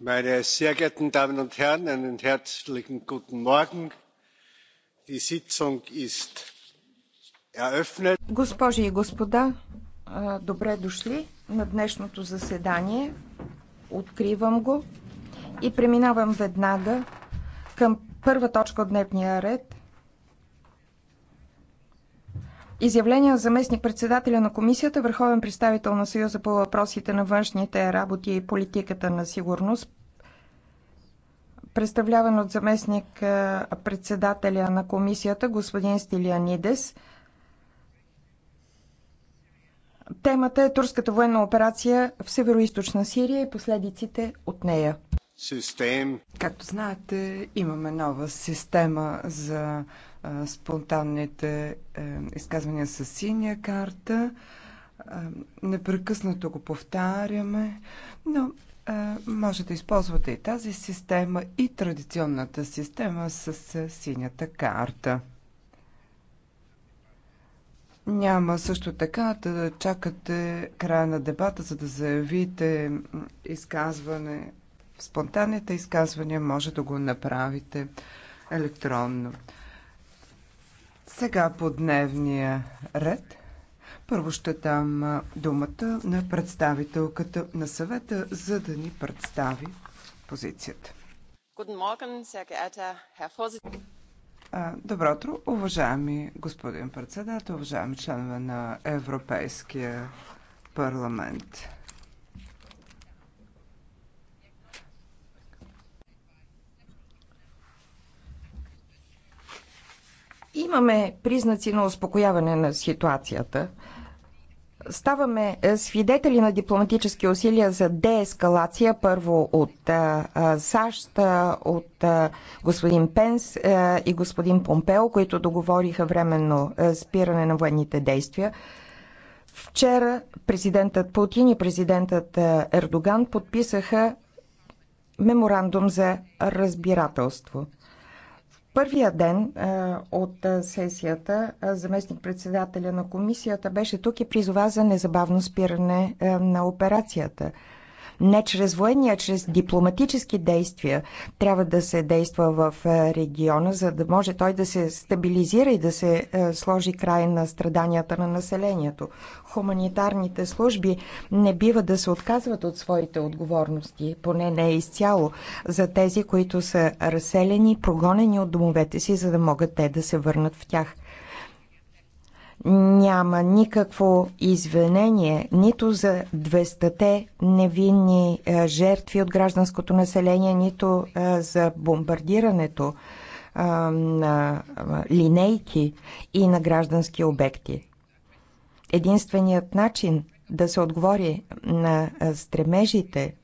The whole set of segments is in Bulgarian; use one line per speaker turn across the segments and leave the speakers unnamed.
meine sehr geehrten damen und herren
einen herzlichen guten morgen! die sitzung ist eröffnet.
госпожи и господа добре дошли на днешното заседание. откривам го и преминавам веднага към първа точка от дневния ред изявление на заместник-председателя на комисията, върховен представител на Съюза по въпросите на външните работи и политиката на сигурност, представляван от заместник-председателя на комисията, господин Стилианидес. Темата е турската военна операция
в северо Сирия и последиците от нея. Систем. Както знаете, имаме нова система за спонтанните е, изказвания с синя карта. Непрекъснато го повтаряме, но може да използвате и тази система, и традиционната система с синята карта. Няма също така да чакате края на дебата, за да заявите изказване. спонтанните изказвания може да го направите електронно. Сега по дневния ред. Първо ще дам думата на представителката на съвета, за да ни представи позицията. Добро утро, уважаеми господин председател, уважаеми членове на Европейския парламент.
Имаме признаци на успокояване на ситуацията. Ставаме е, свидетели на дипломатически усилия за деескалация, първо от а, е, е, САЩ, от а, господин Пенс а, и господин Помпео, които договориха временно спиране на военните действия. Вчера президентът Путин и президентът Ердоган подписаха меморандум за разбирателство първия ден от сесията заместник-председателя на комисията беше тук и призова за незабавно спиране на операцията не чрез военни, а чрез дипломатически действия трябва да се действа в е, региона, за да може той да се стабилизира и да се е, сложи край на страданията на населението. Хуманитарните служби не бива да се отказват от своите отговорности, поне не изцяло, за тези, които са разселени, прогонени от домовете си, за да могат те да се върнат в тях няма никакво извинение нито за 200-те невинни е, жертви от гражданското население, нито е, за бомбардирането е, на линейки и на граждански обекти. Единственият начин да се отговори на стремежите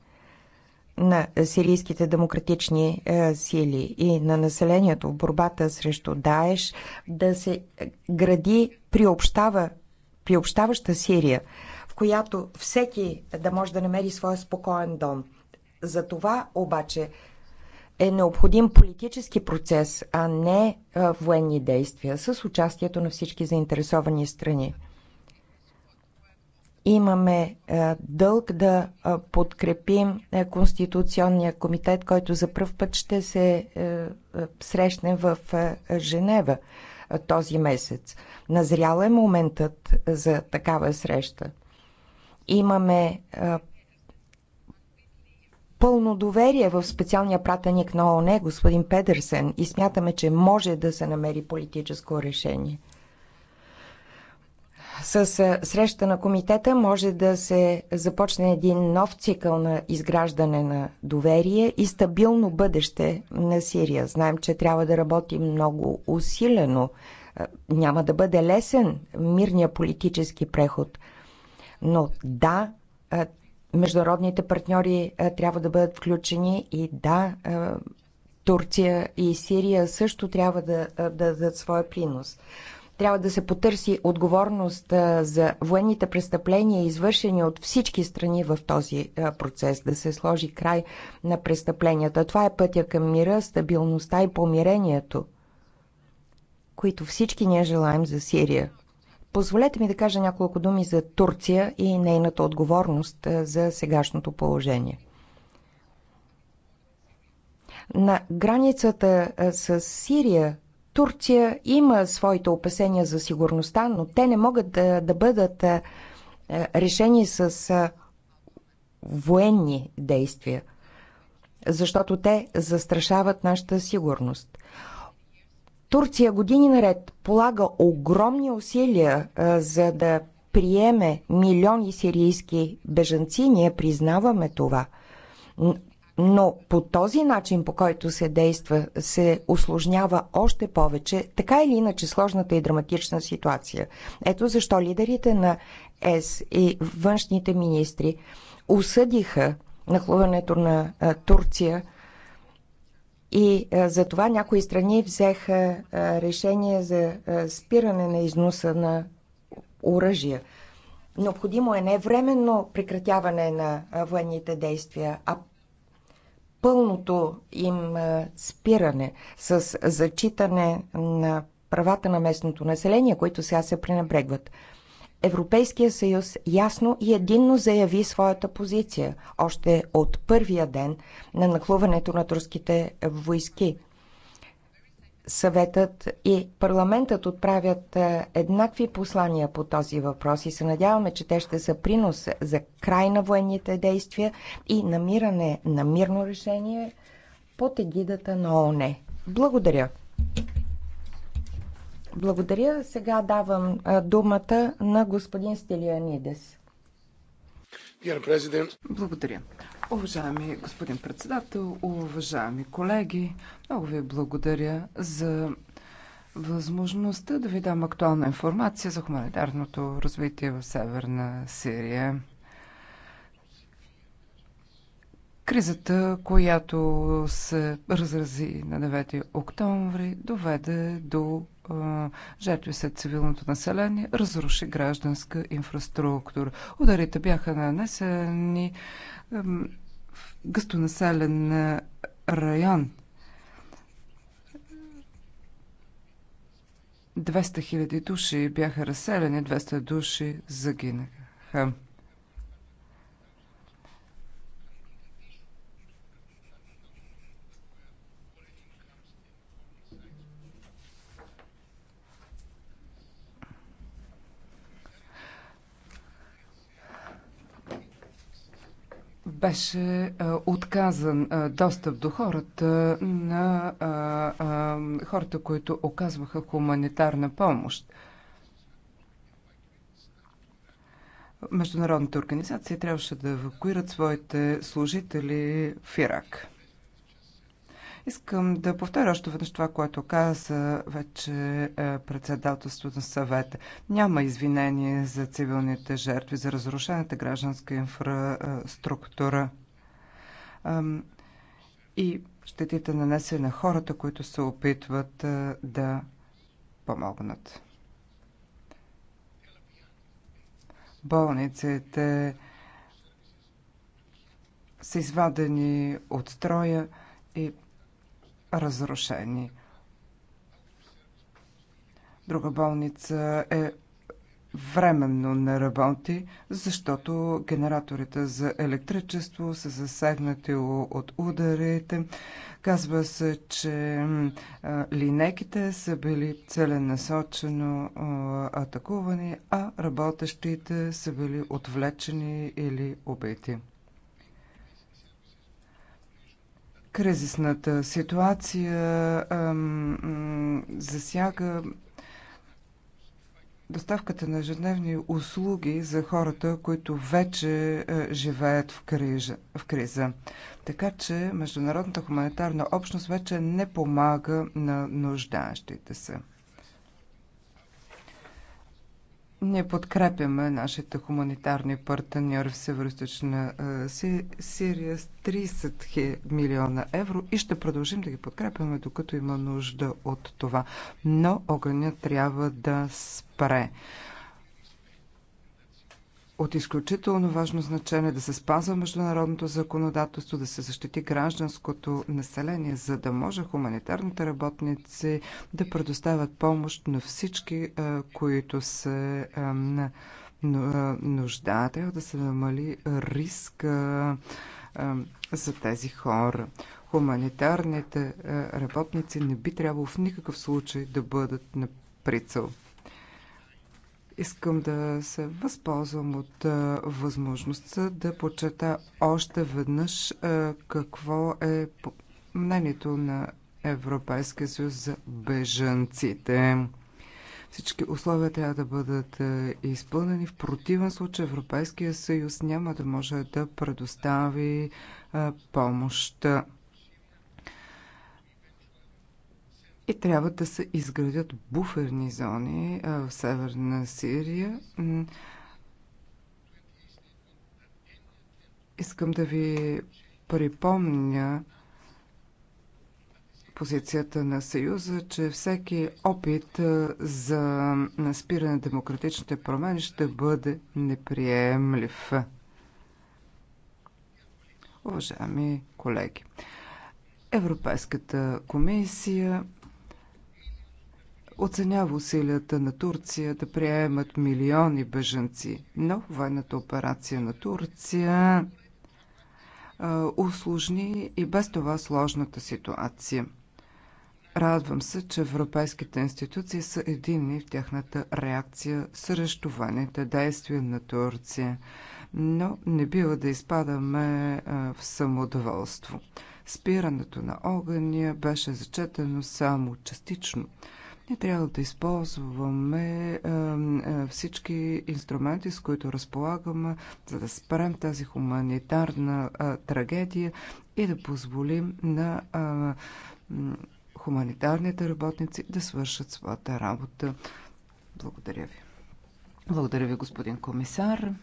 на сирийските демократични е, сили и на населението в борбата срещу Даеш, да се гради приобщава, приобщаваща Сирия, в която всеки да може да намери своя спокоен дом. За това обаче е необходим политически процес, а не е, военни действия с участието на всички заинтересовани страни имаме е, дълг да е, подкрепим е, Конституционния комитет, който за пръв път ще се срещне в Женева този месец. Назрял е моментът за такава среща. Имаме пълно доверие в специалния пратеник на ОНЕ, господин Педерсен, и смятаме, че може да се намери политическо решение – с е, среща на комитета може да се започне един нов цикъл на изграждане на доверие и стабилно бъдеще на Сирия. Знаем, че трябва да работим много усилено. Е, няма да бъде лесен мирния политически преход. Но да, е, международните партньори трябва да бъдат включени и да, Турция и Сирия също трябва да, да дадат своя принос. Трябва да се потърси отговорност за военните престъпления, извършени от всички страни в този процес, да се сложи край на престъпленията. Това е пътя към мира, стабилността и помирението, които всички ние желаем за Сирия. Позволете ми да кажа няколко думи за Турция и нейната отговорност за сегашното положение. На границата с Сирия Турция има своите опасения за сигурността, но те не могат да, да бъдат решени с военни действия, защото те застрашават нашата сигурност. Турция години наред полага огромни усилия а, за да приеме милиони сирийски бежанци. Ние признаваме това но по този начин, по който се действа, се осложнява още повече, така или иначе, сложната и драматична ситуация. Ето защо лидерите на ЕС и външните министри осъдиха нахлуването на Турция и за това някои страни взеха решение за спиране на износа на оръжия. Необходимо е не временно прекратяване на военните действия, а пълното им спиране, с зачитане на правата на местното население, които сега се пренебрегват. Европейския съюз ясно и единно заяви своята позиция още от първия ден на нахлуването на турските войски – съветът и парламентът отправят е, еднакви послания по този въпрос и се надяваме, че те ще са принос за край на военните действия и намиране на мирно решение под егидата на ООН. Благодаря. Благодаря. Сега давам е, думата на господин Стилианидес.
Благодаря. Уважаеми господин председател, уважаеми колеги, много ви благодаря за възможността да ви дам актуална информация за хуманитарното развитие в Северна Сирия. Кризата, която се разрази на 9 октомври, доведе до жертви след цивилното население, разруши гражданска инфраструктура. Ударите бяха нанесени гъстонаселен район. 200 000 души бяха разселени, 200 души загинаха. беше отказан достъп до хората на хората, които оказваха хуманитарна помощ. Международните организации трябваше да евакуират своите служители в Ирак. Искам да повторя още веднъж това, което каза вече е, председателството на съвета. Няма извинение за цивилните жертви, за разрушената гражданска инфраструктура и щетите нанесе на хората, които се опитват е, да помогнат. Болниците са извадени от строя и разрушени. Друга болница е временно не работи, защото генераторите за електричество са засегнати от ударите. Казва се, че линейките са били целенасочено атакувани, а работещите са били отвлечени или убити. Кризисната ситуация ам, засяга доставката на ежедневни услуги за хората, които вече е, живеят в криза, в криза. Така че международната хуманитарна общност вече не помага на нуждаещите се. Ние подкрепяме нашите хуманитарни партньори в Северо-Источна Сирия с 30 милиона евро и ще продължим да ги подкрепяме, докато има нужда от това. Но огъня трябва да спре от изключително важно значение да се спазва международното законодателство, да се защити гражданското население, за да може хуманитарните работници да предоставят помощ на всички, които се нуждаят, да се намали риск за тези хора. Хуманитарните работници не би трябвало в никакъв случай да бъдат на прицел. Искам да се възползвам от възможността да подчерта още веднъж какво е мнението на Европейския съюз за бежанците. Всички условия трябва да бъдат изпълнени. В противен случай Европейския съюз няма да може да предостави помощ И трябва да се изградят буферни зони в Северна Сирия. Искам да ви припомня позицията на Съюза, че всеки опит за спиране на демократичните промени ще бъде неприемлив. Уважаеми колеги, Европейската комисия оценява усилията на Турция да приемат милиони бежанци, но военната операция на Турция усложни и без това сложната ситуация. Радвам се, че европейските институции са единни в тяхната реакция срещу военните действия на Турция, но не бива да изпадаме в самодоволство. Спирането на огъня беше зачетено само частично. Ние трябва да използваме е, е, всички инструменти, с които разполагаме, за да спрем тази хуманитарна е, трагедия и да позволим на хуманитарните работници да свършат своята работа. Благодаря ви. Благодаря ви, господин комисар.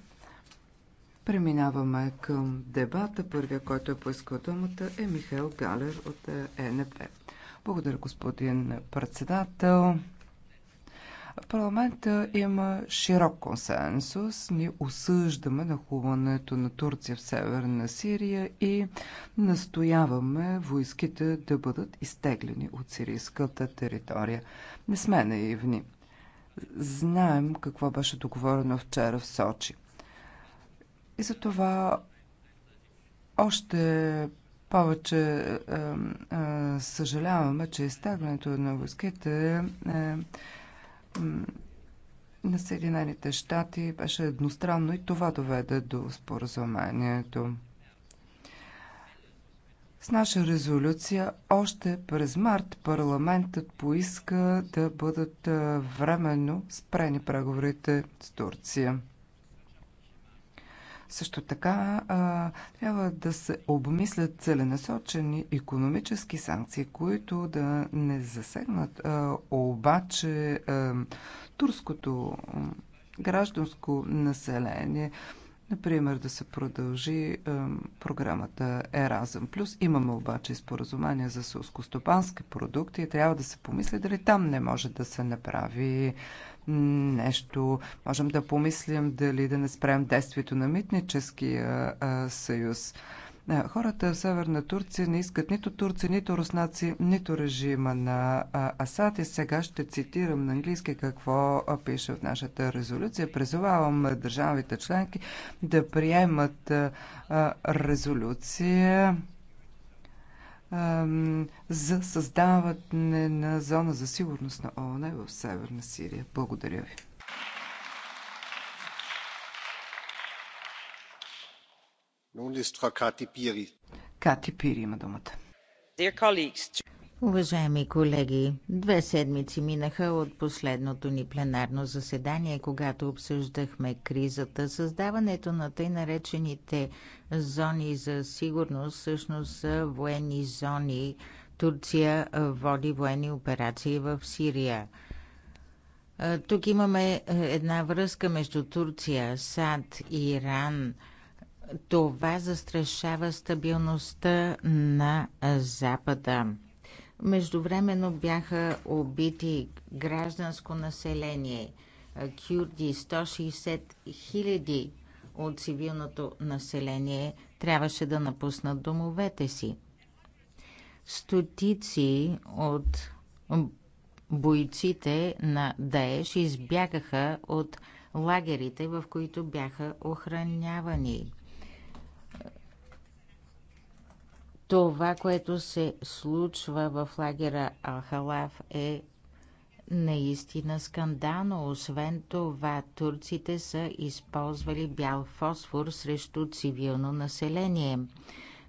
Преминаваме към дебата. Първия, който е поискал думата е Михаил Галер от ЕНП. Благодаря, господин председател. В парламента има широк консенсус. Ние осъждаме хуването на Турция в Северна Сирия и настояваме войските да бъдат изтеглени от сирийската територия. Не сме наивни. Знаем какво беше договорено вчера в Сочи. И за това още повече е, е, съжаляваме, че изтеглянето на войските е, на Съединените щати беше едностранно и това доведе до споразумението. С наша резолюция още през март парламентът поиска да бъдат е, временно спрени преговорите с Турция. Също така а, трябва да се обмислят целенасочени економически санкции, които да не засегнат а, обаче а, турското гражданско население. Например, да се продължи а, програмата Еразъм Плюс. Имаме обаче споразумение за сълскостопански продукти и трябва да се помисли дали там не може да се направи нещо. Можем да помислим дали да не спрем действието на митническия съюз. Хората в Северна Турция не искат нито турци, нито руснаци, нито режима на Асад. И сега ще цитирам на английски какво пише в нашата резолюция. Призовавам държавите членки да приемат резолюция за създаване на зона за сигурност на ООН в Северна Сирия. Благодаря ви. Кати Пири има думата.
Уважаеми колеги, две седмици минаха от последното ни пленарно заседание, когато обсъждахме кризата. Създаването на тъй наречените зони за сигурност всъщност са военни зони. Турция води военни операции в Сирия. Тук имаме е, една връзка между Турция, САД и Иран. Това застрашава стабилността на Запада. Междувременно бяха убити гражданско население, кюрди 160 хиляди от цивилното население трябваше да напуснат домовете си. Стотици от бойците на Даеш избягаха от лагерите, в които бяха охранявани. Това, което се случва в лагера Алхалав е наистина скандално. Освен това, турците са използвали бял фосфор срещу цивилно население.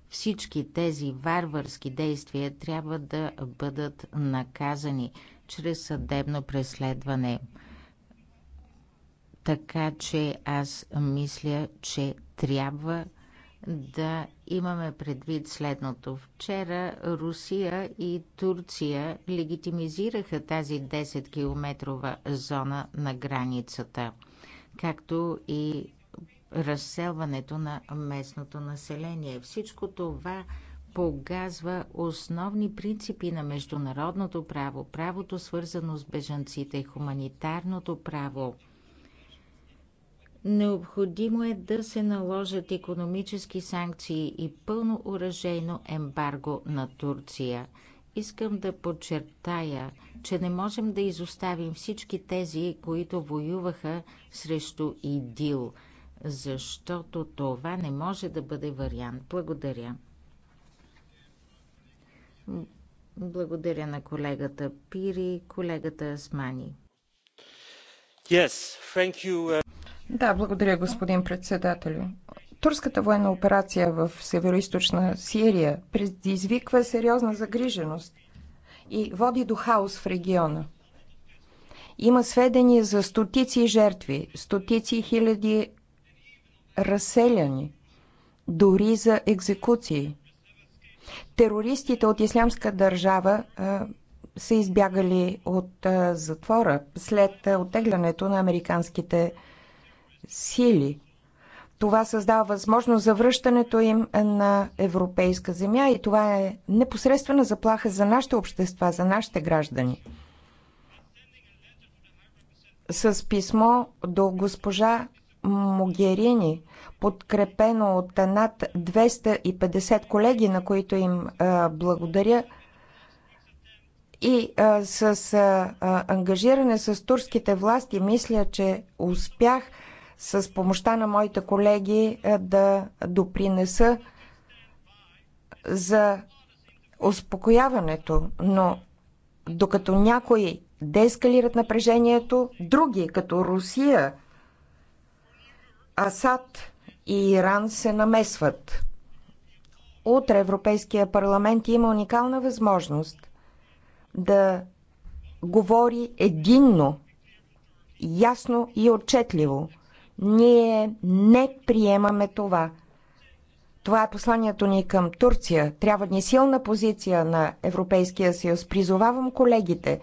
Всички тези варварски действия трябва да бъдат наказани чрез съдебно преследване. Така че аз мисля, че трябва да имаме предвид следното. Вчера Русия и Турция легитимизираха тази 10-километрова зона на границата, както и разселването на местното население. Всичко това погазва основни принципи на международното право, правото свързано с бежанците, хуманитарното право – Необходимо е да се наложат икономически санкции и пълно оръжейно ембарго на Турция. Искам да подчертая, че не можем да изоставим всички тези, които воюваха срещу ИДИЛ, защото това не може да бъде вариант. Благодаря. Благодаря на колегата Пири, колегата Асмани.
Yes, thank you, uh,
да, благодаря, господин председателю. Турската военна операция в северо Сирия предизвиква сериозна загриженост и води до хаос в региона. Има сведения за стотици жертви, стотици хиляди разселяни, дори за екзекуции. Терористите от Ислямска държава а, са избягали от а, затвора след а, оттеглянето на американските сили. Това създава възможност за връщането им на европейска земя и това е непосредствена заплаха за нашите общества, за нашите граждани. С писмо до госпожа Могерини, подкрепено от над 250 колеги, на които им благодаря, и а, с а, ангажиране с турските власти, мисля, че успях с помощта на моите колеги е, да допринеса за успокояването, но докато някои деескалират напрежението, други, като Русия, Асад и Иран се намесват. Утре Европейския парламент има уникална възможност да говори единно, ясно и отчетливо – ние не приемаме това. Това е посланието ни към Турция. Трябва ни силна позиция на Европейския съюз. Призовавам колегите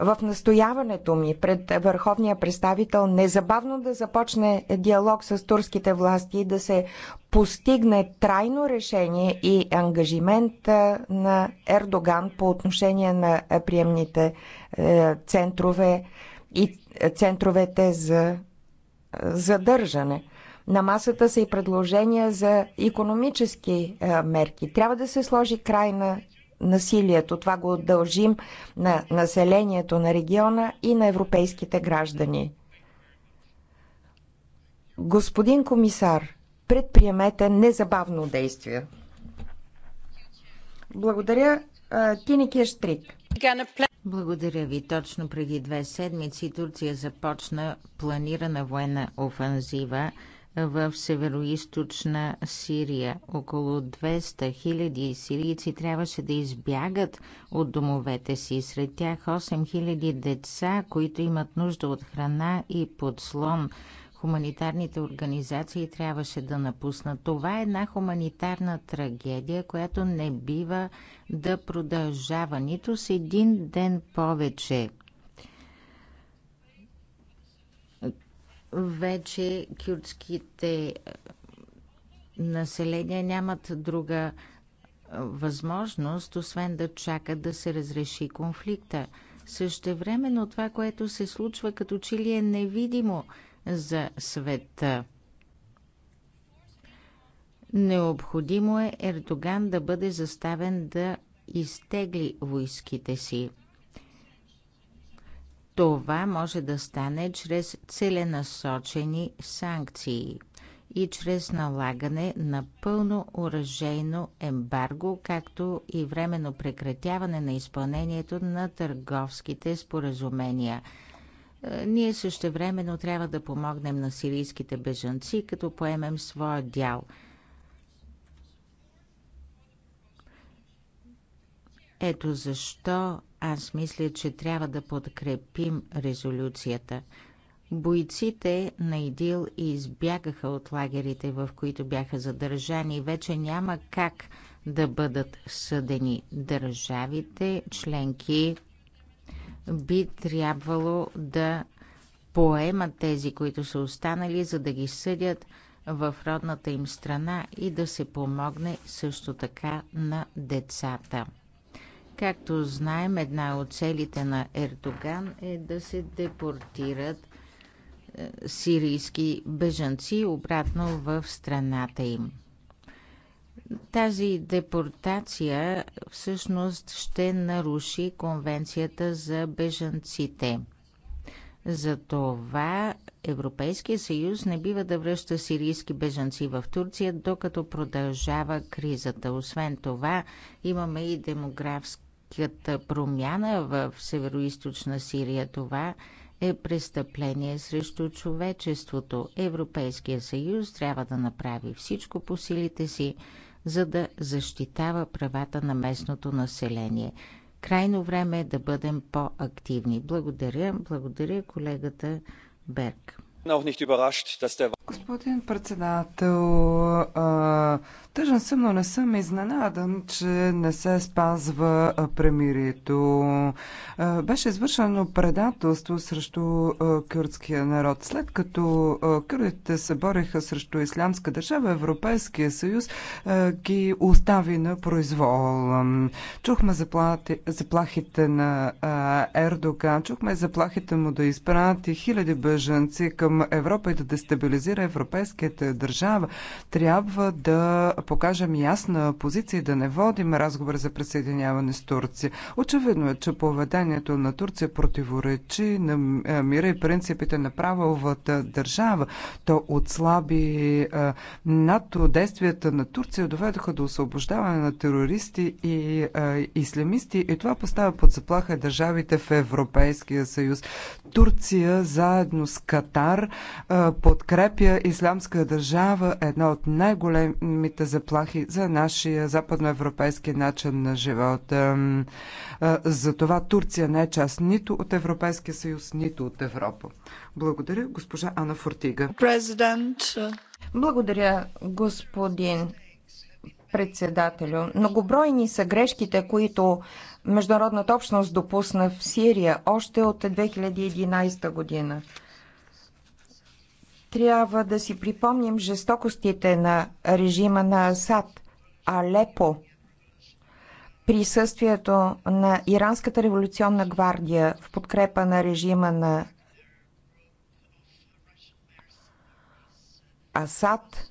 в настояването ми пред върховния представител незабавно да започне диалог с турските власти и да се постигне трайно решение и ангажимент на Ердоган по отношение на приемните е, центрове и е, центровете за задържане. На масата са и предложения за економически мерки. Трябва да се сложи край на насилието. Това го дължим на населението на региона и на европейските граждани. Господин комисар, предприемете незабавно действие. Благодаря, Тиники
Штрик. Благодаря ви. Точно преди две седмици Турция започна планирана военна офанзива в североизточна Сирия. Около 200 000 сирийци трябваше да избягат от домовете си. Сред тях 8 000 деца, които имат нужда от храна и подслон. Хуманитарните организации трябваше да напуснат. Това е една хуманитарна трагедия, която не бива да продължава нито с един ден повече. Вече кюртските населения нямат друга възможност, освен да чакат да се разреши конфликта. Същевременно това, което се случва, като че ли е невидимо – за света. Необходимо е Ердоган да бъде заставен да изтегли войските си. Това може да стане чрез целенасочени санкции и чрез налагане на пълно оръжейно ембарго, както и временно прекратяване на изпълнението на търговските споразумения – е, ние също времено трябва да помогнем на сирийските бежанци, като поемем своя дял. Ето защо аз мисля, че трябва да подкрепим резолюцията. Бойците на Идил избягаха от лагерите, в които бяха задържани вече няма как да бъдат съдени. Държавите членки би трябвало да поемат тези, които са останали, за да ги съдят в родната им страна и да се помогне също така на децата. Както знаем, една от целите на Ердоган е да се депортират е, сирийски бежанци обратно в страната им. Тази депортация всъщност ще наруши конвенцията за бежанците. Затова Европейския съюз не бива да връща сирийски бежанци в Турция, докато продължава кризата. Освен това, имаме и демографската промяна в Североизточна Сирия. Това е престъпление срещу човечеството. Европейския съюз трябва да направи всичко по силите си, за да защитава правата на местното население. Крайно време е да бъдем по-активни. Благодаря, благодаря колегата
Берг. Господин председател, тъжен съм, но не съм изненадан, че не се спазва премирието. Беше извършено предателство срещу кюрдския народ. След като кюрдите се бореха срещу ислямска държава, Европейския съюз ги остави на произвол. Чухме заплахите на Ердоган, чухме заплахите му да изпрати хиляди бъженци към към Европа и да дестабилизира европейските държави. Трябва да покажем ясна позиция и да не водим разговор за присъединяване с Турция. Очевидно е, че поведението на Турция противоречи на мира и принципите на правовата държава. То отслаби НАТО. Действията на Турция доведоха до освобождаване на терористи и ислямисти и това поставя под заплаха държавите в Европейския съюз. Турция заедно с Катар Катар е, подкрепя Исламска държава, една от най-големите заплахи за нашия западноевропейски начин на живота. Е, е, това Турция не е част нито от Европейския съюз, нито от Европа. Благодаря, госпожа Ана Фортига. Президент.
Благодаря, господин председателю. Многобройни са грешките, които международната общност допусна в Сирия още от 2011 година. Трябва да си припомним жестокостите на режима на Асад, Алепо, присъствието на Иранската революционна гвардия в подкрепа на режима на Асад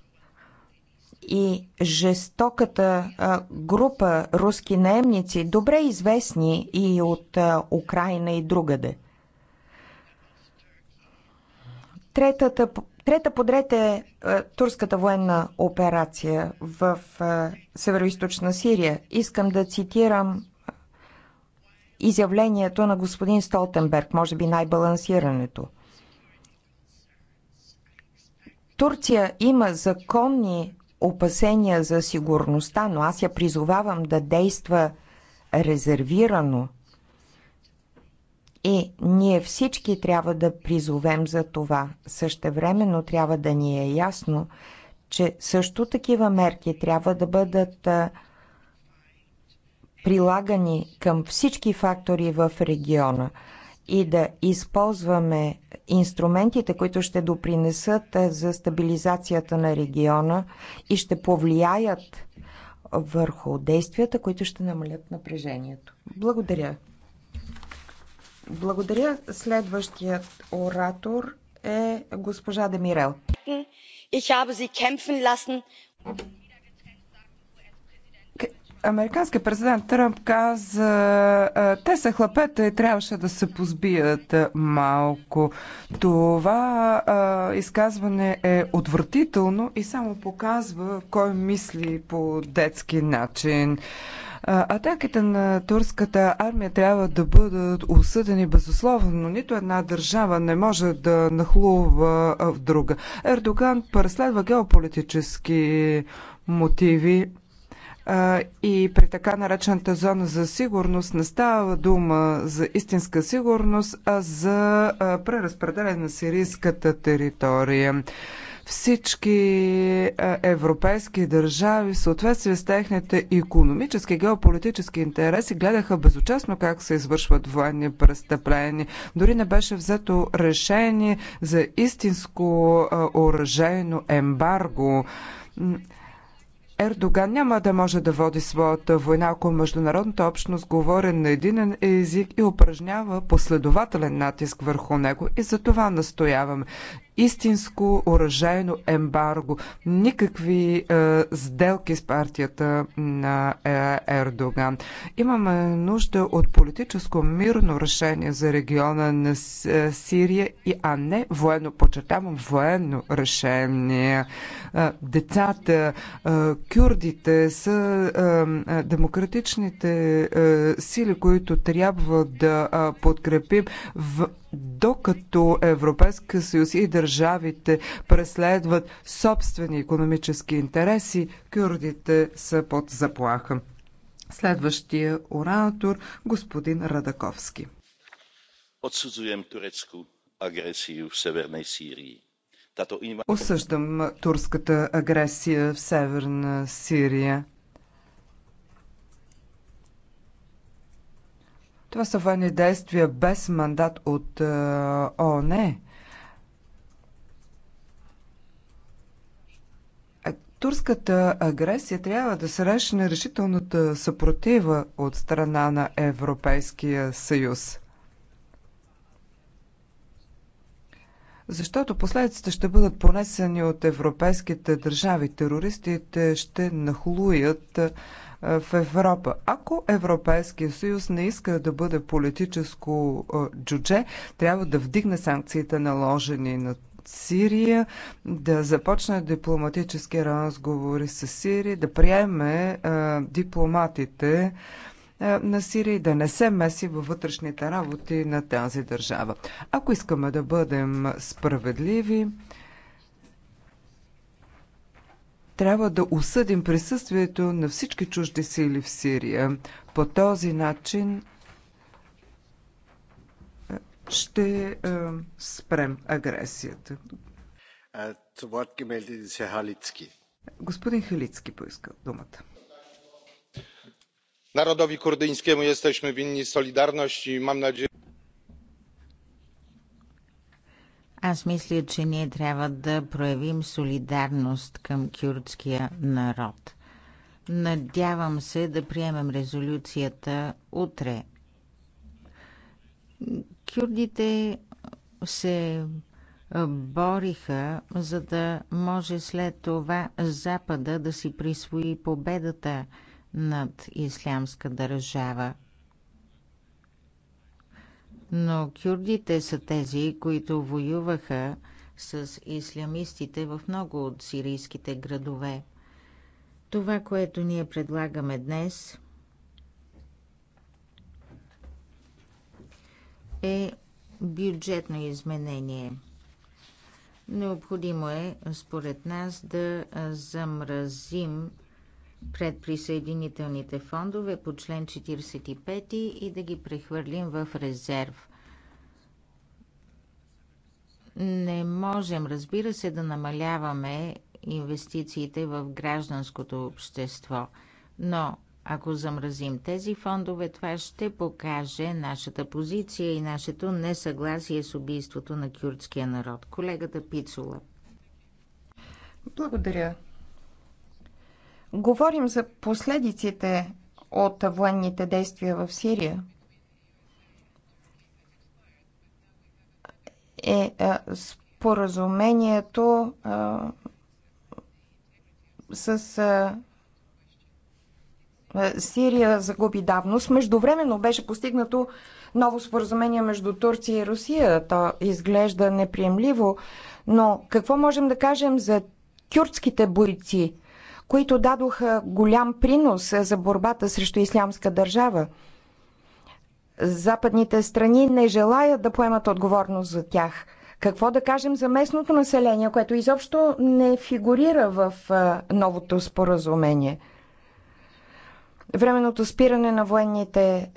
и жестоката група руски наемници, добре известни и от Украина и другаде. Третата, трета подред е, е турската военна операция в е, Североизточна Сирия. Искам да цитирам е, изявлението на господин Столтенберг, може би най-балансирането. Турция има законни опасения за сигурността, но аз я призовавам да действа резервирано и ние всички трябва да призовем за това. Същевременно трябва да ни е ясно, че също такива мерки трябва да бъдат прилагани към всички фактори в региона и да използваме инструментите, които ще допринесат за стабилизацията на региона и ще повлияят върху действията, които ще намалят напрежението. Благодаря. Благодаря. Следващият оратор
е госпожа Демирел. Американският президент Тръмп каза, те са хлапета и трябваше да се позбият малко. Това а, изказване е отвратително и само показва кой мисли по детски начин. Атаките на турската армия трябва да бъдат осъдени безусловно. Нито една държава не може да нахлува в друга. Ердоган преследва геополитически мотиви и при така наречената зона за сигурност не става дума за истинска сигурност, а за преразпределение на сирийската територия. Всички е, европейски държави в съответствие с техните економически и геополитически интереси гледаха безучастно как се извършват военни престъпления. Дори не беше взето решение за истинско е, оръжейно ембарго. Ердоган няма да може да води своята война, ако международната общност говори на един език и упражнява последователен натиск върху него. И за това настоявам истинско оръжайно ембарго, никакви е, сделки с партията на е, Ердоган. Имаме нужда от политическо мирно решение за региона на е, Сирия, и, а не военно, почетавам военно решение. Е, децата, е, кюрдите са демократичните сили, които трябва да подкрепим в докато Европейска съюз и държавите преследват собствени економически интереси, кюрдите са под заплаха. Следващия оратор господин Радаковски.
Отсъдзуем турецку агресию в Северной Сирии.
Осъждам турската агресия в Северна Сирия. Това са военни действия без мандат от е, ООН. Е, турската агресия трябва да срещне решителната съпротива от страна на Европейския съюз. Защото последиците ще бъдат понесени от европейските държави. Терористите ще нахлуят е, в Европа. Ако Европейския съюз не иска да бъде политическо джудже, трябва да вдигне санкциите наложени на Сирия, да започне дипломатически разговори с Сирия, да приеме а, дипломатите а, на Сирия и да не се меси във вътрешните работи на тази държава. Ако искаме да бъдем справедливи, Трябва да осъдим присъствието на всички чужди сили в Сирия. По този начин е, ще е, спрем агресията. Е, Господин Халицки поиска думата.
Народови Народowi му естешме винни солидарност и мам nadzieję.
Аз мисля, че ние трябва да проявим солидарност към кюрдския народ. Надявам се да приемем резолюцията утре. Кюрдите се бориха, за да може след това Запада да си присвои победата над ислямска държава но кюрдите са тези, които воюваха с ислямистите в много от сирийските градове. Това, което ние предлагаме днес, е бюджетно изменение. Необходимо е, според нас, да замразим пред присъединителните фондове по член 45 и да ги прехвърлим в резерв. Не можем, разбира се, да намаляваме инвестициите в гражданското общество, но ако замразим тези фондове, това ще покаже нашата позиция и нашето несъгласие с убийството на кюрдския народ.
Колегата Пицула. Благодаря. Говорим за последиците от военните действия в Сирия. Е, е споразумението а, е, с а, е, Сирия загуби давност. Междувременно беше постигнато ново споразумение между Турция и Русия. То изглежда неприемливо. Но какво можем да кажем за кюртските бойци – които дадоха голям принос за борбата срещу ислямска държава. Западните страни не желаят да поемат отговорност за тях. Какво да кажем за местното население, което изобщо не фигурира в новото споразумение? Временното спиране на военните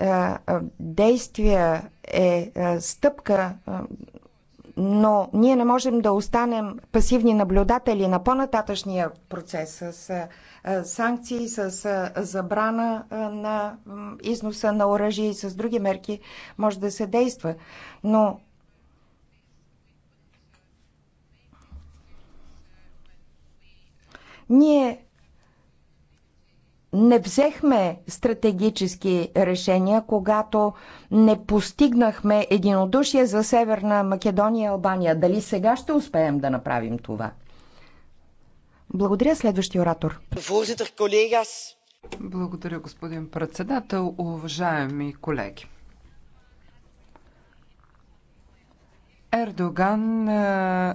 действия е стъпка но ние не можем да останем пасивни наблюдатели на по-нататъчния процес с санкции, с забрана на износа на оръжие и с други мерки може да се действа. Но ние не взехме стратегически решения, когато не постигнахме единодушие за Северна Македония и Албания. Дали сега ще успеем да направим това? Благодаря следващия оратор.
Благодаря, господин председател, уважаеми колеги. Ердоган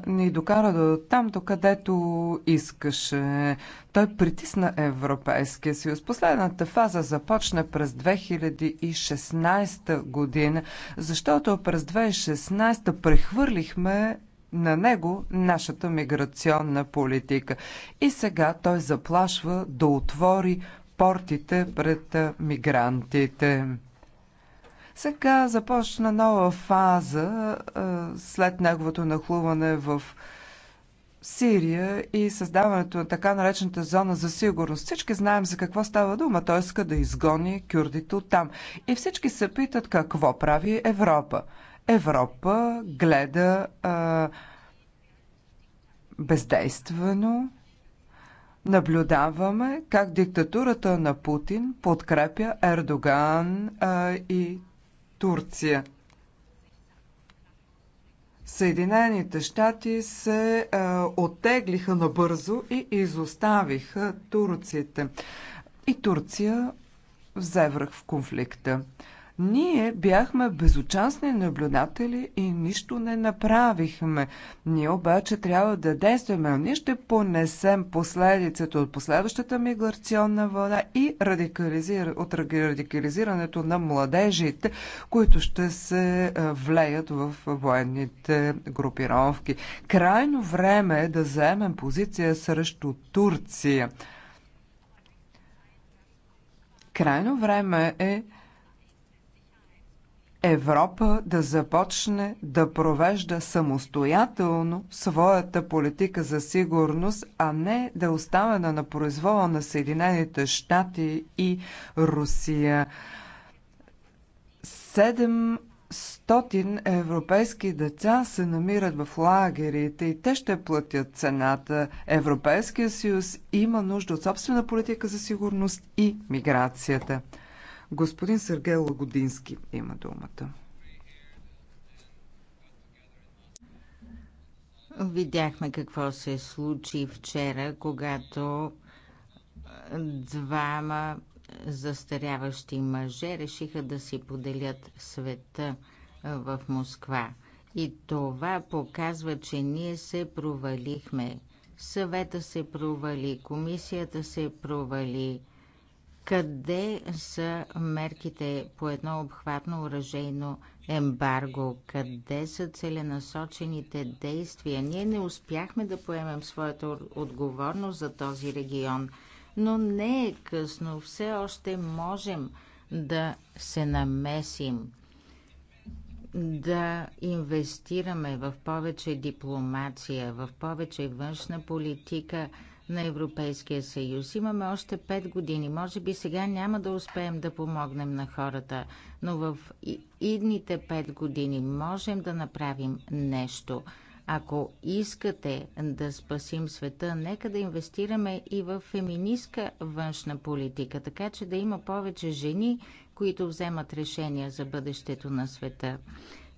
ни докара до тамто, където искаше. Той притисна Европейския съюз. Последната фаза започна през 2016 година, защото през 2016 прехвърлихме на него нашата миграционна политика. И сега той заплашва да отвори портите пред мигрантите. Сега започна нова фаза след неговото нахлуване в Сирия и създаването на така наречената зона за сигурност. Всички знаем за какво става дума. Той иска да изгони кюрдите от там. И всички се питат какво прави Европа. Европа гледа а, бездействено. Наблюдаваме как диктатурата на Путин подкрепя Ердоган а, и Турция. Съединените щати се а, оттеглиха набързо и изоставиха турците. И Турция взе връх в конфликта. Ние бяхме безучастни наблюдатели и нищо не направихме. Ние обаче трябва да действаме. Ние ще понесем последицата от последващата миграционна вълна и радикализир... от радикализирането на младежите, които ще се е, влеят в военните групировки. Крайно време е да заемем позиция срещу Турция. Крайно време е Европа да започне да провежда самостоятелно своята политика за сигурност, а не да е оставена на произвола на Съединените щати и Русия. 700 европейски деца се намират в лагерите и те ще платят цената. Европейския съюз има нужда от собствена политика за сигурност и миграцията. Господин Сергей Лагодински има думата.
Видяхме какво се случи вчера, когато двама застаряващи мъже решиха да си поделят света в Москва. И това показва, че ние се провалихме. Съвета се провали, комисията се провали. Къде са мерките по едно обхватно оръжейно ембарго? Къде са целенасочените действия? Ние не успяхме да поемем своята отговорност за този регион, но не е късно. Все още можем да се намесим, да инвестираме в повече дипломация, в повече външна политика – на Европейския съюз. Имаме още 5 години. Може би сега няма да успеем да помогнем на хората, но в идните 5 години можем да направим нещо. Ако искате да спасим света, нека да инвестираме и в феминистка външна политика, така че да има повече жени, които вземат решения за бъдещето на света.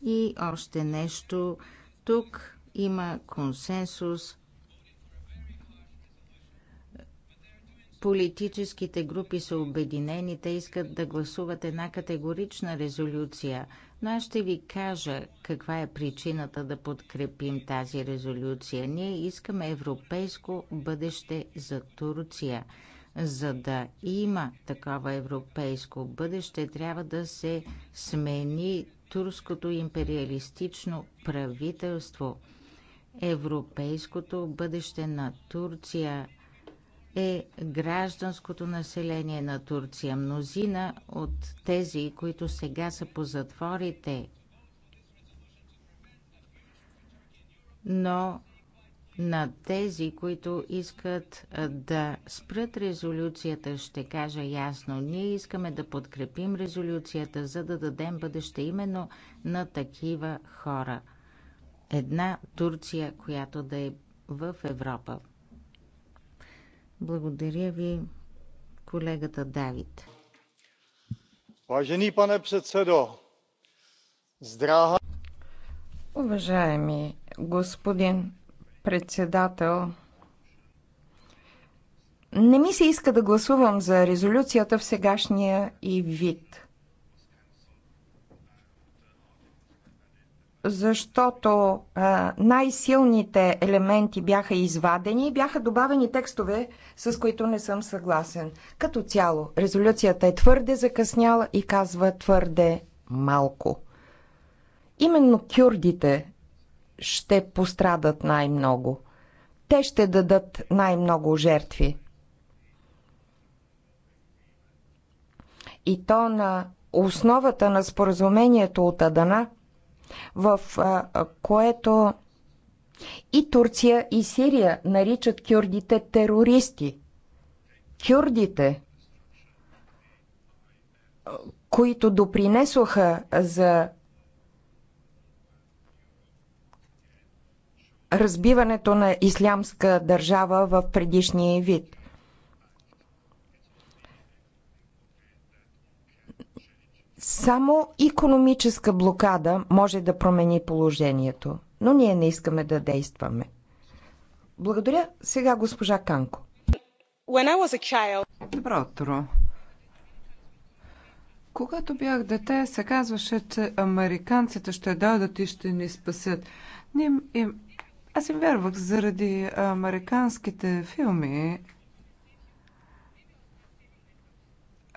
И още нещо. Тук има консенсус Политическите групи са обединени, те искат да гласуват една категорична резолюция, но аз ще ви кажа каква е причината да подкрепим тази резолюция. Ние искаме европейско бъдеще за Турция. За да има такова европейско бъдеще, трябва да се смени турското империалистично правителство. Европейското бъдеще на Турция е гражданското население на Турция. Мнозина от тези, които сега са по затворите, но на тези, които искат да спрат резолюцията, ще кажа ясно. Ние искаме да подкрепим резолюцията, за да дадем бъдеще именно на такива хора. Една Турция, която да е в Европа. Благодаря ви, колегата Давид.
Важени пане председо, здрава... Уважаеми господин председател, не ми се иска да гласувам за резолюцията в сегашния и вид – защото най-силните елементи бяха извадени и бяха добавени текстове, с които не съм съгласен. Като цяло, резолюцията е твърде закъсняла и казва твърде малко. Именно кюрдите ще пострадат най-много. Те ще дадат най-много жертви. И то на основата на споразумението от Адана – в което и Турция, и Сирия наричат кюрдите терористи. Кюрдите, които допринесоха за разбиването на ислямска държава в предишния вид. Само економическа блокада може да промени положението, но ние не искаме да действаме. Благодаря. Сега госпожа Канко. Child...
Добро утро. Когато бях дете, се казваше, че американците ще дойдат и ще ни спасят. Ним, им... Аз им вярвах заради американските филми,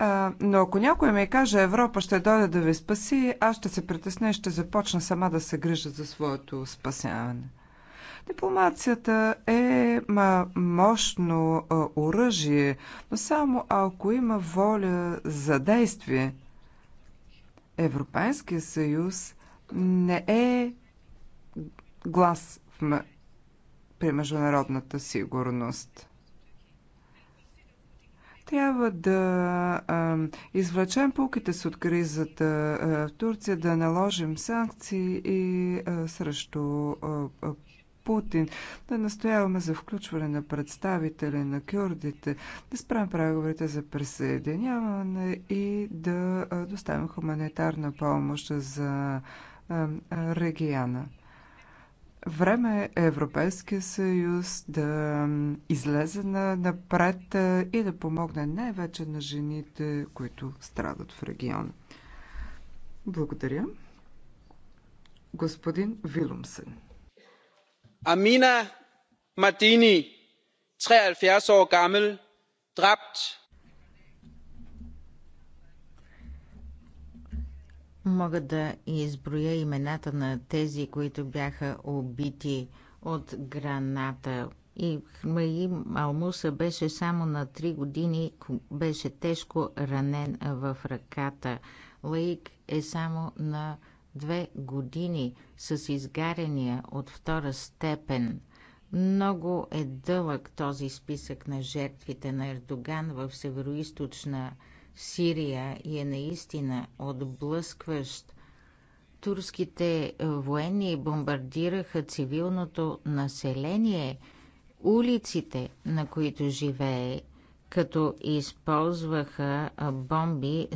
А, но ако някой ми каже Европа ще дойде да ви спаси, аз ще се притесня и ще започна сама да се грижа за своето спасяване. Дипломацията е ма, мощно а, оръжие, но само ако има воля за действие. Европейския съюз не е глас в, при международната сигурност. Трябва да а, извлечем полките си от кризата а, в Турция, да наложим санкции и а, срещу а, Путин, да настояваме за включване на представители на кюрдите, да спрем преговорите за присъединяване и да доставим хуманитарна помощ за региона. Време е Европейския съюз да излезе на напред и да помогне най-вече на жените, които страдат в региона. Благодаря. Господин Вилумсен. Амина Матини, 73 år gammel, dræbt
Мога да изброя имената на тези, които бяха убити от граната. И Хмаим Алмуса беше само на 3 години, беше тежко ранен в ръката. Лаик е само на 2 години с изгарения от втора степен. Много е дълъг този списък на жертвите на Ердоган в северо Сирия и е наистина отблъскващ. Турските военни бомбардираха цивилното население, улиците, на които живее, като използваха бомби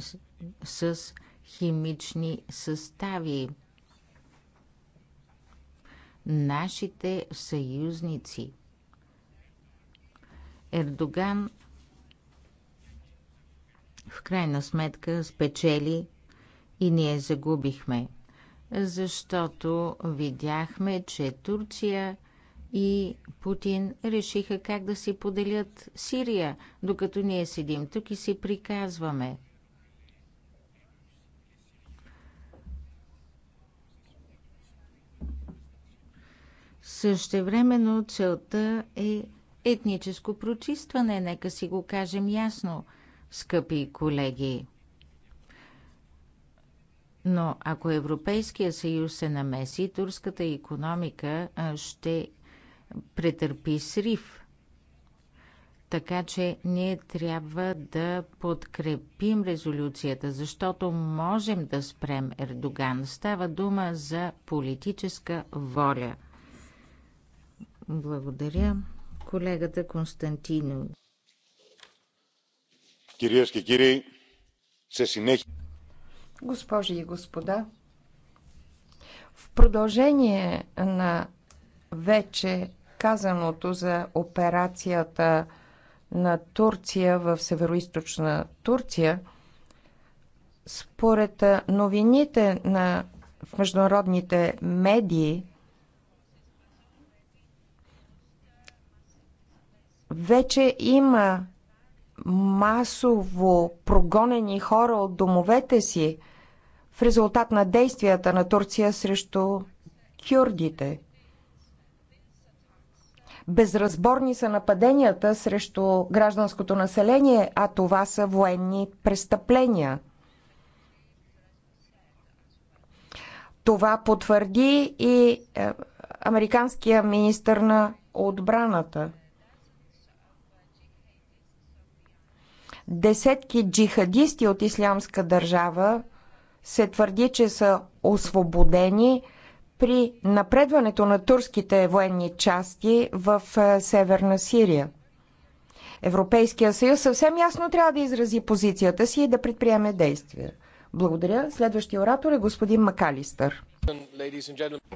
с химични състави. Нашите съюзници Ердоган в крайна сметка спечели и ние загубихме, защото видяхме, че Турция и Путин решиха как да си поделят Сирия, докато ние седим тук и си приказваме. Същевременно целта е етническо прочистване, нека си го кажем ясно – скъпи колеги. Но ако Европейския съюз се намеси, турската економика ще претърпи срив. Така че ние трябва да подкрепим резолюцията, защото можем да спрем Ердоган. Става дума за политическа воля. Благодаря. Колегата Константино.
Госпожи и господа, в продължение на вече казаното за операцията на Турция в Североизточна Турция, според новините на, в международните медии, вече има масово прогонени хора от домовете си в резултат на действията на Турция срещу кюрдите. Безразборни са нападенията срещу гражданското население, а това са военни престъпления. Това потвърди и е, американския министр на отбраната. Десетки джихадисти от Ислямска държава се твърди, че са освободени при напредването на турските военни части в е, Северна Сирия. Европейския съюз съвсем ясно трябва да изрази позицията си и да предприеме действия. Благодаря. Следващия оратор е господин
Макалистър.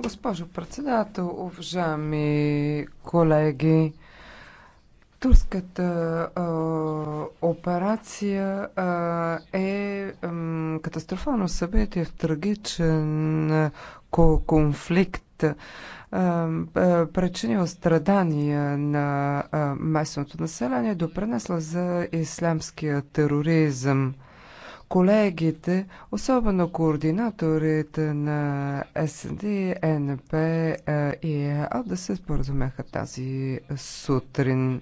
Госпожо председател, уважаеми колеги, Турската а, операция а, е а, катастрофално събитие в трагичен а, конфликт, а, причинил страдания на а, местното население, допренесла за ислямския тероризъм колегите, особено координаторите на СНД, НП е, и ЕА да се споразумеха тази сутрин.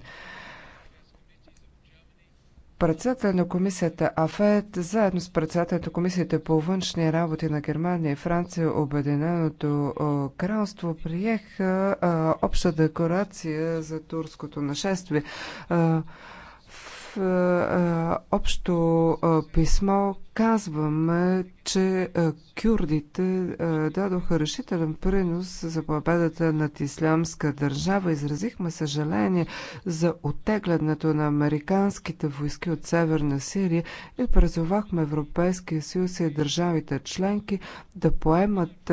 Председателя на комисията АФЕТ, заедно с председател на комисията по външни работи на Германия и Франция, Обединеното е, кралство, приеха е, обща декларация за турското нашествие. А, е, е, общо е, писмо, казваме, че кюрдите дадоха решителен принос за победата над ислямска държава. Изразихме съжаление за отеглянето на американските войски от Северна Сирия и призовахме Европейския съюз и държавите членки да поемат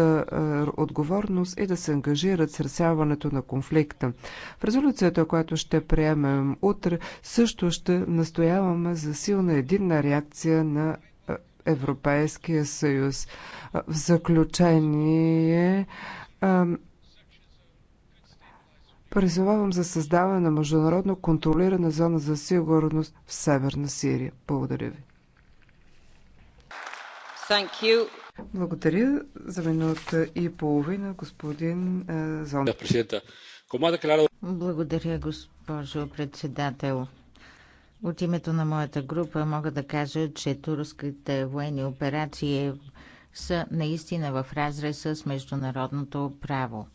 отговорност и да се ангажират с разсяването на конфликта. В резолюцията, която ще приемем утре, също ще настояваме за силна единна реакция на Европейския съюз. В заключение призовавам за създаване на международно контролирана зона за сигурност в Северна Сирия. Благодаря ви. Благодаря за минута и половина, господин Зон.
Благодаря, госпожо председател. От името на моята група мога да кажа, че турските военни операции са наистина в разрез с международното право.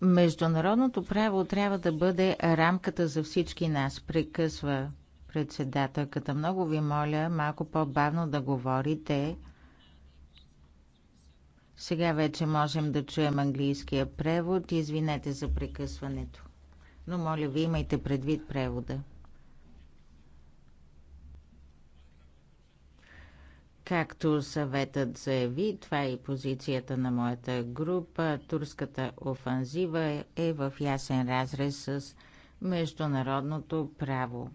Международното право трябва да бъде рамката за всички нас, прекъсва председателката. Много ви моля малко по-бавно да говорите. Сега вече можем да чуем английския превод. Извинете за прекъсването. Но моля ви, имайте предвид превода. Както съветът заяви, това е и позицията на моята група. Турската офанзива е в ясен разрез с международното право.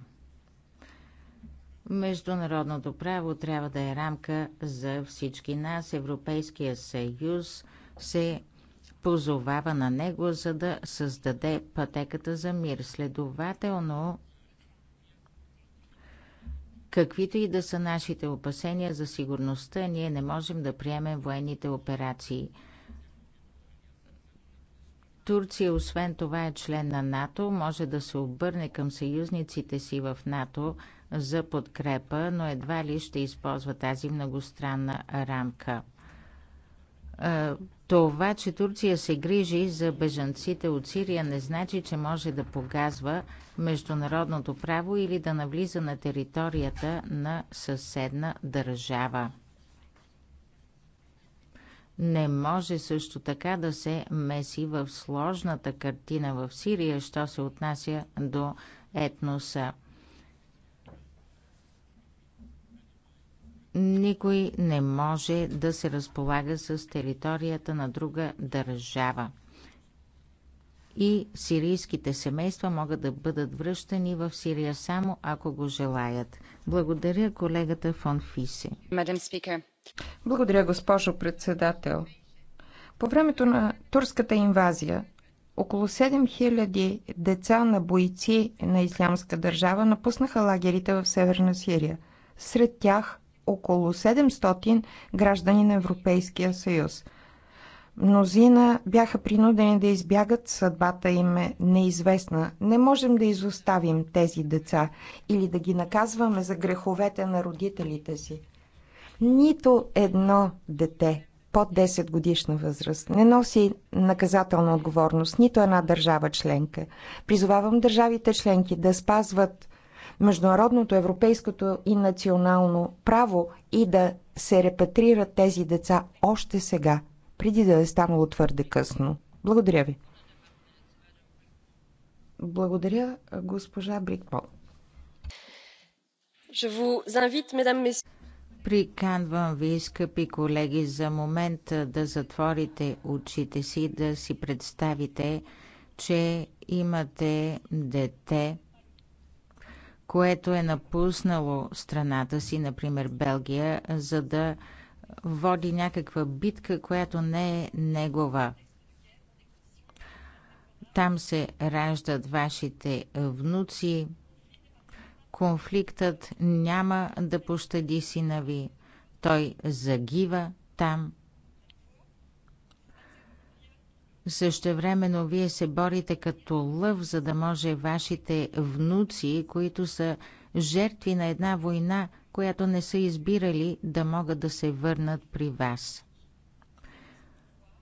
Международното право трябва да е рамка за всички нас. Европейския съюз се позовава на него, за да създаде пътеката за мир. Следователно, Каквито и да са нашите опасения за сигурността, ние не можем да приемем военните операции. Турция, освен това, е член на НАТО, може да се обърне към съюзниците си в НАТО за подкрепа, но едва ли ще използва тази многостранна рамка е, това, че Турция се грижи за бежанците от Сирия, не значи, че може да погазва международното право или да навлиза на територията на съседна държава. Не може също така да се меси в сложната картина в Сирия, що се отнася до етноса. Никой не може да се разполага с територията на друга държава. И сирийските семейства могат да бъдат връщани в Сирия само ако го желаят.
Благодаря колегата Фон Фиси. Благодаря, госпожо председател. По времето на турската инвазия, около 7000 деца на бойци на Ислямска държава напуснаха лагерите в Северна Сирия. Сред тях около 700 граждани на Европейския съюз. Мнозина бяха принудени да избягат, съдбата им е неизвестна. Не можем да изоставим тези деца или да ги наказваме за греховете на родителите си. Нито едно дете под 10 годишна възраст не носи наказателна отговорност нито една държава членка. Призовавам държавите членки да спазват международното, европейското и национално право и да се репатрират тези деца още сега, преди да е станало твърде късно. Благодаря ви. Благодаря, госпожа Брикпол.
Приканвам ви, скъпи колеги, за момент да затворите очите си, да си представите, че имате дете, което е напуснало страната си, например Белгия, за да води някаква битка, която не е негова. Там се раждат вашите внуци. Конфликтът няма да пощади сина ви. Той загива там Същевременно вие се борите като лъв, за да може вашите внуци, които са жертви на една война, която не са избирали, да могат да се върнат при вас.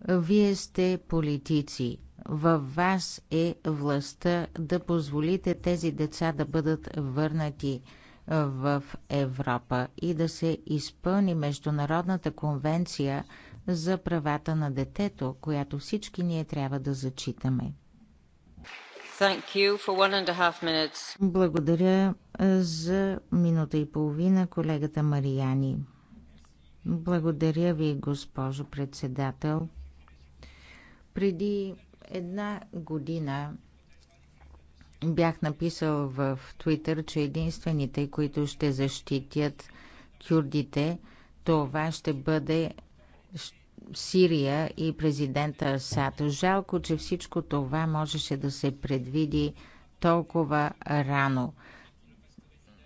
Вие сте политици. Във вас е властта да позволите тези деца да бъдат върнати в Европа и да се изпълни Международната конвенция – за правата на детето, която всички ние трябва да зачитаме. Благодаря за минута и половина колегата Марияни. Благодаря ви, госпожо председател. Преди една година бях написал в Твитър, че единствените, които ще защитят кюрдите, това ще бъде Сирия и президента Асад. Жалко, че всичко това можеше да се предвиди толкова рано.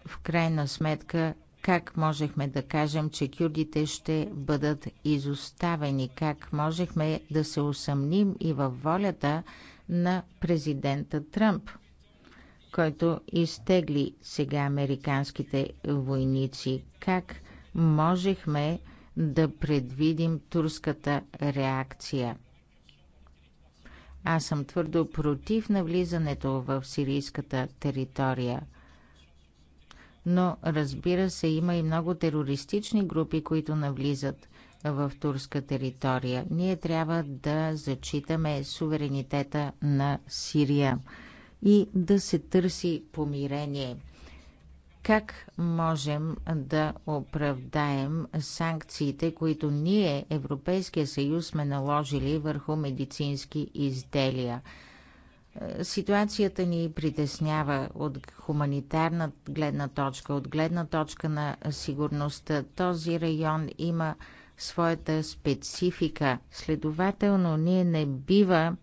В крайна сметка, как можехме да кажем, че кюрдите ще бъдат изоставени? Как можехме да се усъмним и във волята на президента Тръмп, който изтегли сега американските войници? Как можехме да предвидим турската реакция. Аз съм твърдо против навлизането в сирийската територия. Но разбира се, има и много терористични групи, които навлизат в турска територия. Ние трябва да зачитаме суверенитета на Сирия и да се търси помирение. Как можем да оправдаем санкциите, които ние, Европейския съюз, сме наложили върху медицински изделия? Ситуацията ни притеснява от хуманитарна гледна точка, от гледна точка на сигурността. Този район има своята специфика. Следователно, ние не бива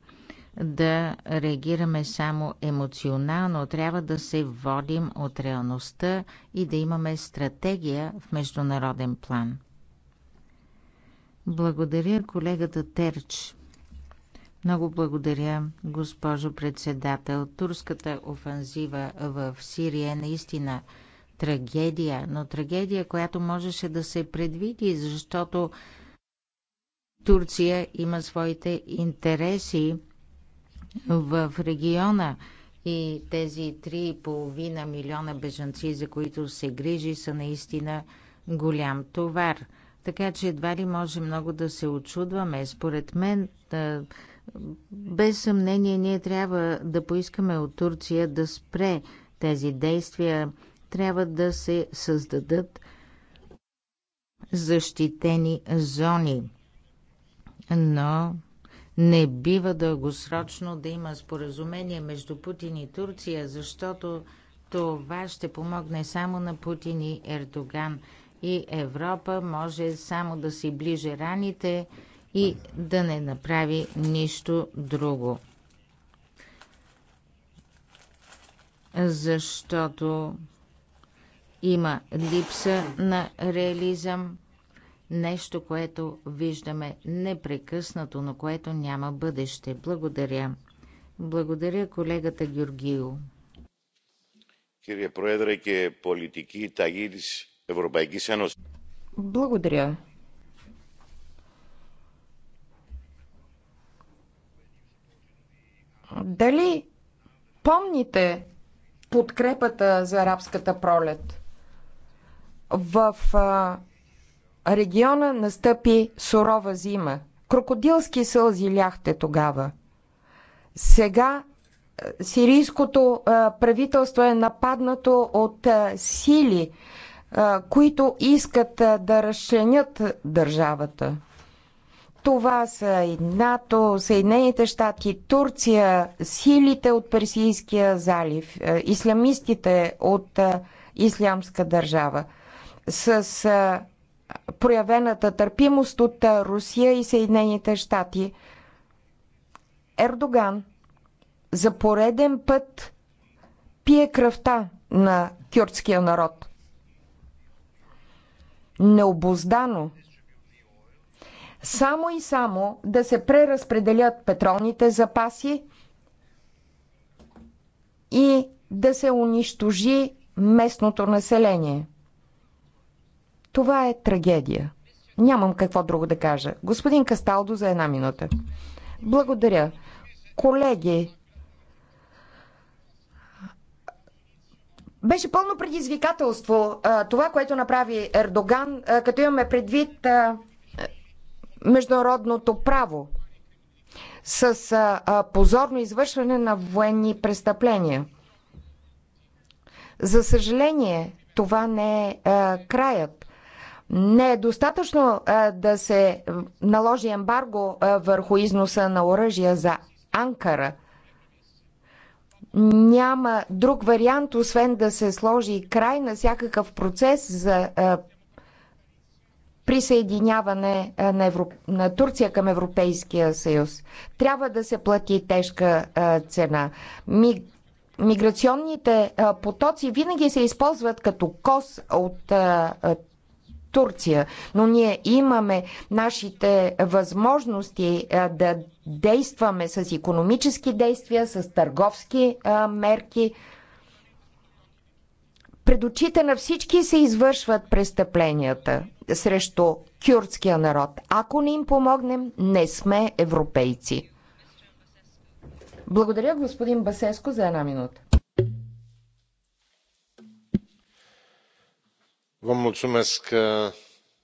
да реагираме само емоционално, трябва да се водим от реалността и да имаме стратегия в международен план. Благодаря колегата Терч. Много благодаря, госпожо председател. Турската офанзива в Сирия е наистина трагедия, но трагедия, която можеше да се предвиди, защото Турция има своите интереси в региона. И тези 3,5 милиона бежанци, за които се грижи, са наистина голям товар. Така че едва ли може много да се очудваме. Според мен, без съмнение, ние трябва да поискаме от Турция да спре тези действия. Трябва да се създадат защитени зони. Но не бива дългосрочно да има споразумение между Путин и Турция, защото това ще помогне само на Путин и Ердоган. И Европа може само да си ближе раните и да не направи нищо друго. Защото има липса на реализъм Нещо, което виждаме непрекъснато, но което няма бъдеще. Благодаря. Благодаря колегата Георгио.
Кирия Проедре е политики
и ταγή της Ευρωπαϊκής
Благодаря. Дали помните подкрепата за арабската пролет? В региона настъпи сурова зима. Крокодилски сълзи ляхте тогава. Сега е, сирийското е, правителство е нападнато от е, сили, които искат да разчленят държавата. Това са и НАТО, Съединените щати, Турция, силите от Персийския залив, исламистите от Ислямска държава. С проявената търпимост от Русия и Съединените щати. Ердоган за пореден път пие кръвта на кюртския народ. Необоздано. Само и само да се преразпределят петролните запаси и да се унищожи местното население. Това е трагедия. Нямам какво друго да кажа. Господин Касталдо за една минута. Благодаря. Колеги, Беше пълно предизвикателство това, което направи Ердоган, като имаме предвид международното право с позорно извършване на военни престъпления. За съжаление, това не е краят. Не е достатъчно а, да се наложи ембарго а, върху износа на оръжия за Анкара. Няма друг вариант, освен да се сложи край на всякакъв процес за а, присъединяване на, Европ... на Турция към Европейския съюз. Трябва да се плати тежка а, цена. Ми... Миграционните а, потоци винаги се използват като кос от а, Турция, но ние имаме нашите възможности да действаме с економически действия, с търговски мерки. Пред очите на всички се извършват престъпленията срещу кюрдския народ. Ако не им помогнем, не сме европейци. Благодаря, господин Басеско, за една минута.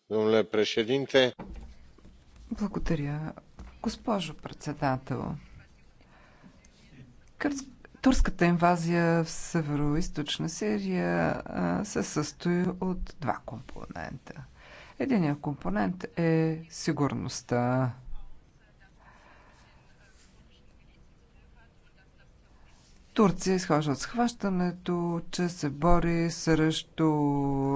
domnule președinte.
Благодаря. Госпожо председател, турската инвазия в северо-источна Сирия се състои от два компонента. Единият компонент е сигурността Турция изхожда от схващането, че се бори срещу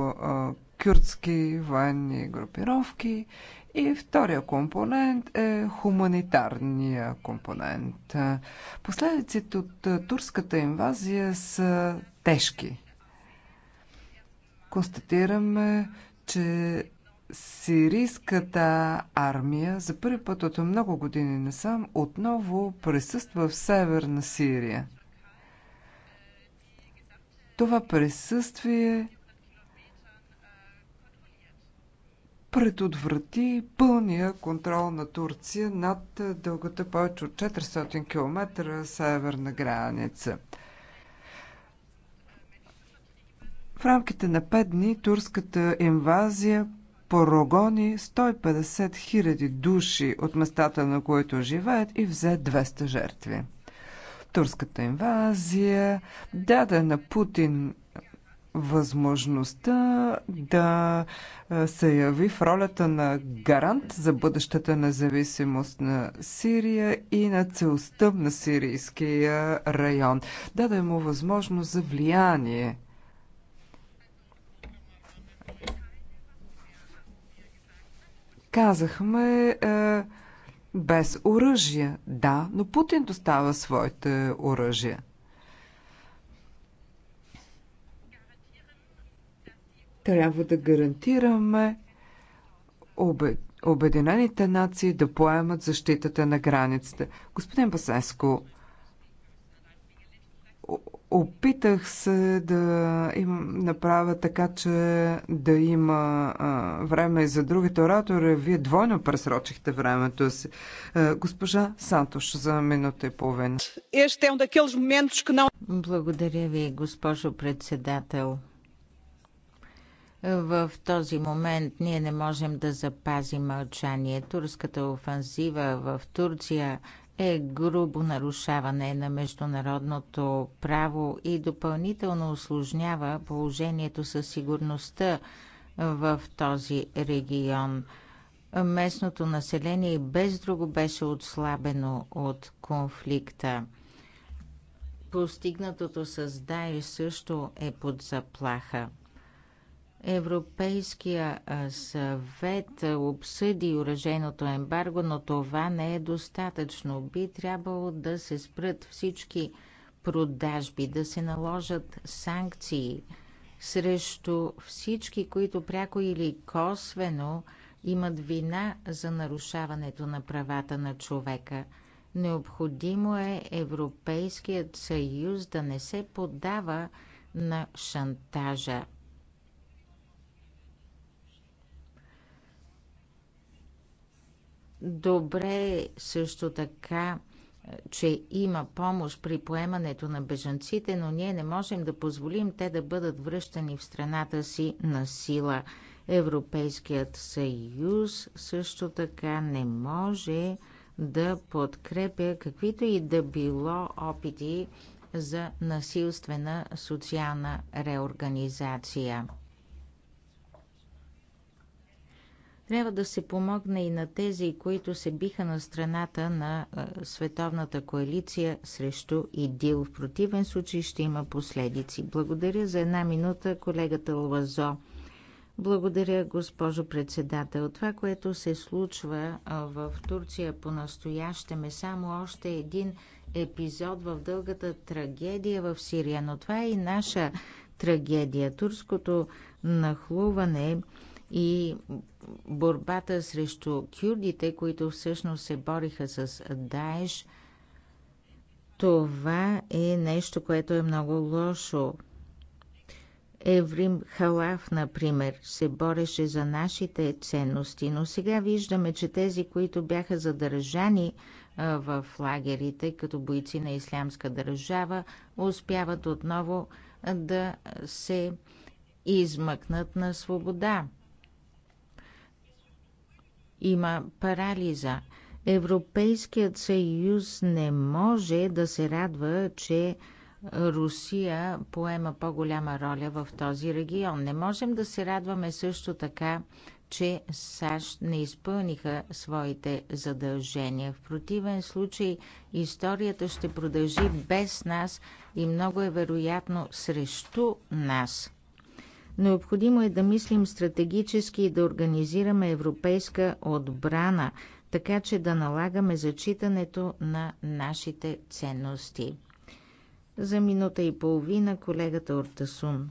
а, кюртски военни групировки. И втория компонент е хуманитарния компонент. Последиците от турската инвазия са тежки. Констатираме, че сирийската армия за първи път от много години насам отново присъства в северна Сирия това присъствие предотврати пълния контрол на Турция над дългата повече от 400 км северна граница. В рамките на 5 дни турската инвазия порогони 150 000 души от местата, на които живеят и взе 200 жертви турската инвазия даде на Путин възможността да се яви в ролята на гарант за бъдещата независимост на Сирия и на целостта на сирийския район. Даде му възможност за влияние. Казахме, е, без оръжия. Да, но Путин достава своите оръжия. Трябва да гарантираме обед Обединените нации да поемат защитата на границата. Господин Басенско, Опитах се да им направя така, че да има а, време и за другите оратори. Вие двойно пресрочихте времето си. А, госпожа Сантош за минута и половина. Е Благодаря ви, госпожо председател.
В този момент ние не можем да запазим мълчание. Турската офанзива в Турция е грубо нарушаване на международното право и допълнително осложнява положението със сигурността в този регион. Местното население без друго беше отслабено от конфликта. Постигнатото с също е под заплаха. Европейския съвет обсъди уръженото ембарго, но това не е достатъчно. Би трябвало да се спрат всички продажби, да се наложат санкции срещу всички, които пряко или косвено имат вина за нарушаването на правата на човека. Необходимо е Европейският съюз да не се подава на шантажа. Добре е също така, е, че има помощ при поемането на бежанците, но ние не можем да позволим те да бъдат връщани в страната си на сила. Европейският съюз също така не може да подкрепя каквито и да било опити за насилствена социална реорганизация. Трябва да се помогне и на тези, които се биха на страната на Световната коалиция срещу ИДИЛ. В противен случай ще има последици. Благодаря за една минута, колегата Лазо. Благодаря, госпожо председател. Това, което се случва в Турция по-настоящем е само още един епизод в дългата трагедия в Сирия, но това е и наша трагедия. Турското нахлуване и борбата срещу кюрдите, които всъщност се бориха с Даеш, това е нещо, което е много лошо. Еврим Халаф, например, се бореше за нашите ценности, но сега виждаме, че тези, които бяха задържани в лагерите като бойци на Ислямска държава, успяват отново да се измъкнат на свобода има парализа. Европейският съюз не може да се радва, че Русия поема по-голяма роля в този регион. Не можем да се радваме също така, че САЩ не изпълниха своите задължения. В противен случай историята ще продължи без нас и много е вероятно срещу нас. Необходимо е да мислим стратегически и да организираме европейска отбрана, така че да налагаме зачитането на нашите ценности. За минута и половина колегата Ортасун.